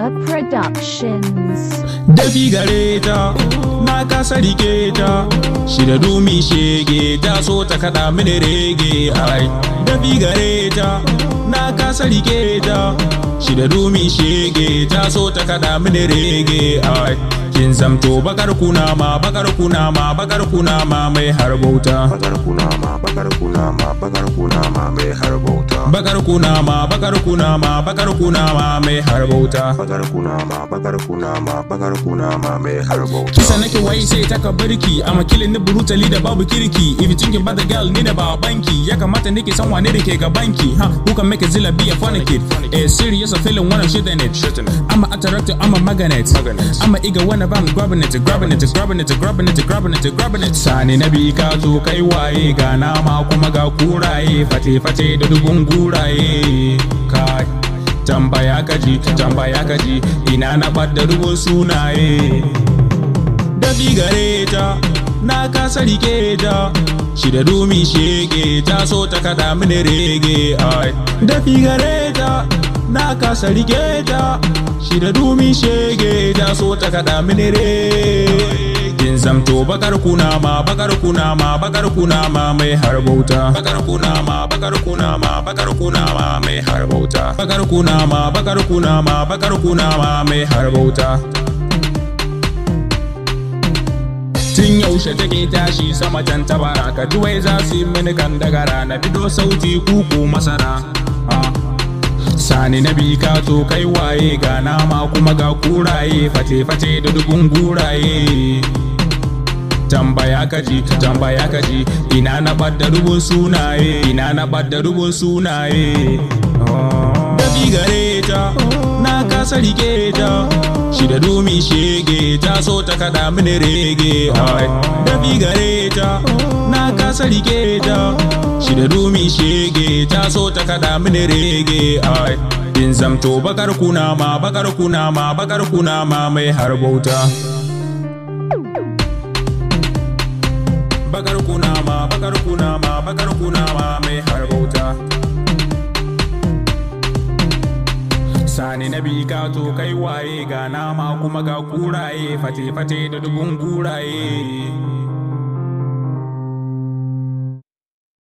Bella Productions. Dafi Gareta, Naka Sadiketa, Shida dumi shege ta so ta rege ai. Dafi gare ta, na kasa rike ta, dumi shege ta ta kaɗa rege cikin zamto bakar ma bakar ma bakar ma mai harbauta bakar ma bakar ma bakar ma mai harbauta bakar ma bakar ma bakar ma mai harbauta bakar ma bakar ma bakar ma mai harbauta kisa nake wai sai ta kabarki a makilin ni brutally da babu kirki if you think about the girl ni da babanki ya kamata nake san wane da ke gabanki ha who can make a zilla be a funny kid a serious a feeling wanna shit in it i'm a attractive i'm a magnet i'm a eager grabbing it, grabbing it grabbing it grabbing it grabbing it grabbing it grabbing it sani na bi ka zo kai wai ga ma kuma ga kuraye fate fate da dubun guraye kai tambaya kaji tambaya kaji ina na bada rubun sunaye dafi gare ta na kasa rike ta shi da dumi shege ta so ta kada mini rege ai dafi gare ta na kasa rige ta shi da dumi shege ta so ta kada mini re kin zamto bakar ma bakar ma bakar ma mai harbauta bakar ma bakar ma bakar ma mai harbauta bakar ma bakar ma bakar ma mai harbauta tun yaushe take tashi sama can tabara ka duwai za su yi mini kan dagara na bido sauti kuku masara ah, sani na bi ka so kai waye ga nama kuma ga kuraye fate-fate da dugun guraye tambaya ji tambaya ji ina na badda rubun sunaye ina na badda rubun sunaye da bi gare ta na kasa rike ta shi da dumi shege ta so ta kada mini rege da bi gare ta kasa rike ta shi da rumi shege ta so ta kada mini rege ai bin zamto bakar kuna ma bakar kuna ma bakar kuna ma mai harbauta bakar kuna ma bakar kuna ma bakar kuna ma mai harbauta sani na bi ka to kai waye ga nama kuma ga kuraye fate fate da dubun kuraye